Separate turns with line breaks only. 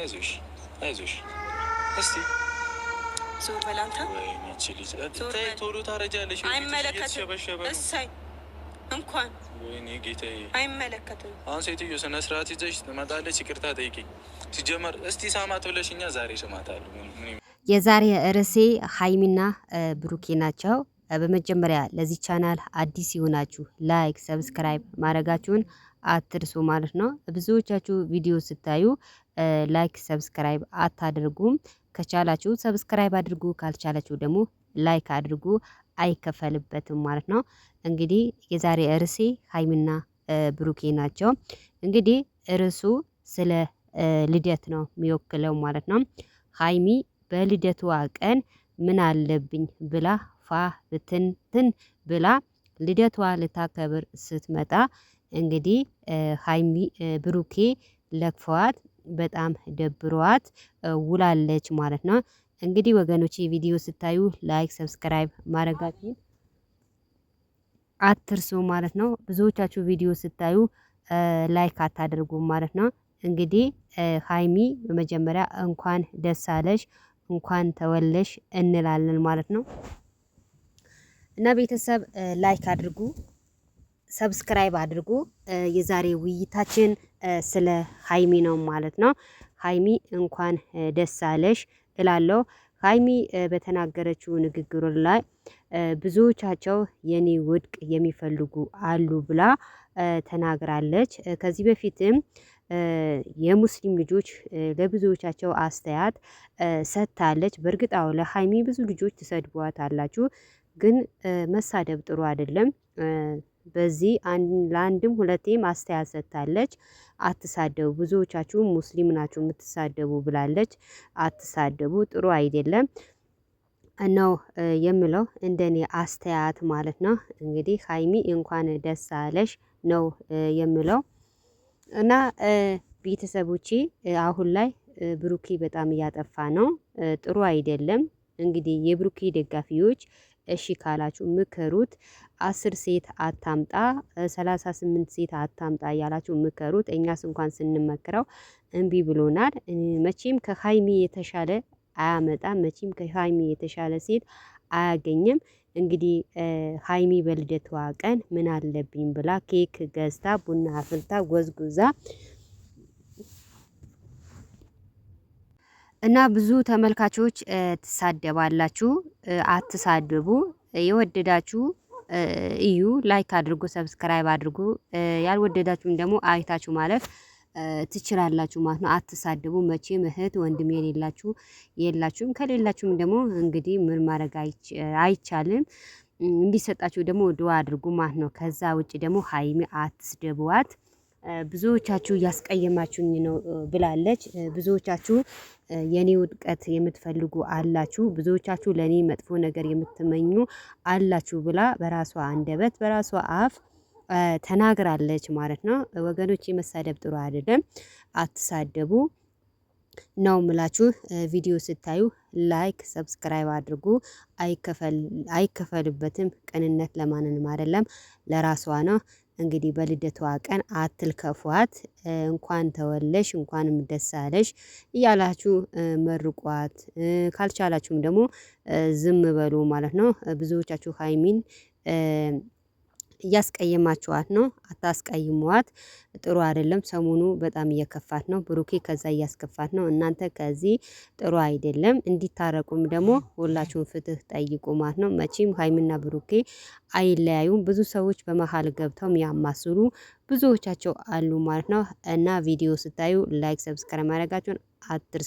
አይዞሽ አይዞሽ። እስቲ ዞር በል አንተ። ተይ ቶሎ ታረጃለሽ።
አይመለከትም። እንኳን
ወይኔ ጌታዬ፣
አይመለከትም።
አሁን ሴትዮ ስነ ስርዓት ይዘሽ ትመጣለች። ይቅርታ ጠይቂኝ። ሲጀመር እስቲ ሳማት ብለሽኛ ዛሬ ስማት
የዛሬ ርዕሴ ሀይሚና ብሩኬ ናቸው። በመጀመሪያ ለዚህ ቻናል አዲስ የሆናችሁ ላይክ፣ ሰብስክራይብ ማድረጋችሁን አትርሱ ማለት ነው። ብዙዎቻችሁ ቪዲዮ ስታዩ ላይክ፣ ሰብስክራይብ አታደርጉም። ከቻላችሁ ሰብስክራይብ አድርጉ፣ ካልቻላችሁ ደግሞ ላይክ አድርጉ። አይከፈልበትም ማለት ነው። እንግዲህ የዛሬ ርዕሴ ሀይሚና ብሩኬ ናቸው። እንግዲህ ርዕሱ ስለ ልደት ነው የሚወክለው ማለት ነው። ሀይሚ በልደቷ ቀን ምን አለብኝ ብላ ፏ ብትንትን ብላ ልደቷ ልታከብር ስትመጣ እንግዲህ ሀይሚ ብሩኬ ለክፈዋት በጣም ደብሯት ውላለች ማለት ነው። እንግዲህ ወገኖች ቪዲዮ ስታዩ ላይክ፣ ሰብስክራይብ ማድረጋችሁ አትርሱ ማለት ነው። ብዙዎቻችሁ ቪዲዮ ስታዩ ላይክ አታደርጉም ማለት ነው። እንግዲህ ሀይሚ በመጀመሪያ እንኳን ደስ አለሽ፣ እንኳን ተወለሽ እንላለን ማለት ነው። እና ቤተሰብ ላይክ አድርጉ፣ ሰብስክራይብ አድርጉ። የዛሬ ውይይታችን ስለ ሀይሚ ነው ማለት ነው። ሀይሚ እንኳን ደስ አለሽ እላለሁ። ሀይሚ በተናገረችው ንግግር ላይ ብዙዎቻቸው የኔ ውድቅ የሚፈልጉ አሉ ብላ ተናግራለች። ከዚህ በፊትም የሙስሊም ልጆች ለብዙዎቻቸው አስተያየት ሰጥታለች። በእርግጥ ለሀይሚ ብዙ ልጆች ትሰድቧት አላችሁ ግን መሳደብ ጥሩ አይደለም። በዚህ ለአንድም ሁለቴም አስተያየት ሰጥታለች። አትሳደቡ ብዙዎቻችሁ ሙስሊም ናችሁ የምትሳደቡ ብላለች። አትሳደቡ ጥሩ አይደለም ነው የምለው፣ እንደኔ አስተያየት ማለት ነው። እንግዲህ ሀይሚ እንኳን ደስ አለሽ ነው የምለው እና ቤተሰቦቼ አሁን ላይ ብሩኬ በጣም እያጠፋ ነው፣ ጥሩ አይደለም። እንግዲህ የብሩኬ ደጋፊዎች እሺ ካላችሁ ምከሩት። አስር ሴት አታምጣ፣ ሰላሳ ስምንት ሴት አታምጣ እያላችሁ ምከሩት። እኛስ እንኳን ስንመክረው እምቢ ብሎናል። መቼም ከሀይሚ የተሻለ አያመጣም። መቼም ከሀይሚ የተሻለ ሴት አያገኝም። እንግዲህ ሀይሚ በልደቷ ቀን ምን አለብኝ ብላ ኬክ ገዝታ ቡና አፍልታ ጎዝጉዛ እና ብዙ ተመልካቾች ትሳደባላችሁ። አትሳድቡ። የወደዳችሁ እዩ፣ ላይክ አድርጉ፣ ሰብስክራይብ አድርጉ። ያልወደዳችሁም ደግሞ አይታችሁ ማለፍ ትችላላችሁ ማለት ነው። አትሳደቡ መቼም እህት ወንድም የሌላችሁ የላችሁም። ከሌላችሁም ደግሞ እንግዲህ ምን ማድረግ አይቻልም። እንዲሰጣችሁ ደግሞ ድዋ አድርጉ ማለት ነው። ከዛ ውጭ ደግሞ ሀይሚ አትስደቡዋት። ብዙዎቻችሁ እያስቀየማችሁኝ ነው ብላለች። ብዙዎቻችሁ የኔ ውድቀት የምትፈልጉ አላችሁ፣ ብዙዎቻችሁ ለኔ መጥፎ ነገር የምትመኙ አላችሁ ብላ በራሷ አንደበት በራሷ አፍ ተናግራለች ማለት ነው። ወገኖች መሳደብ ጥሩ አይደለም። አትሳደቡ ነው ምላችሁ። ቪዲዮ ስታዩ ላይክ፣ ሰብስክራይብ አድርጉ። አይከፈልበትም። ቅንነት ለማንንም አይደለም፣ ለራሷ ነው። እንግዲህ በልደቷ ቀን አትልከፏት እንኳን ተወለሽ እንኳንም ደስ አለሽ እያላችሁ መርቋት። ካልቻላችሁም ደግሞ ዝም በሉ ማለት ነው። ብዙዎቻችሁ ሀይሚን እያስቀየማችኋት ነው። አታስቀይሟት፣ ጥሩ አይደለም። ሰሞኑ በጣም እየከፋት ነው። ብሩኬ ከዛ እያስከፋት ነው። እናንተ ከዚህ ጥሩ አይደለም። እንዲታረቁም ደግሞ ሁላችሁን ፍትህ ጠይቁ ማለት ነው። መቼም ሀይምና ብሩኬ አይለያዩም። ብዙ ሰዎች በመሀል ገብተው የሚያማስሉ ብዙዎቻቸው አሉ ማለት ነው። እና ቪዲዮ ስታዩ ላይክ፣ ሰብስክራይብ ማድረጋችሁን አትርሱ።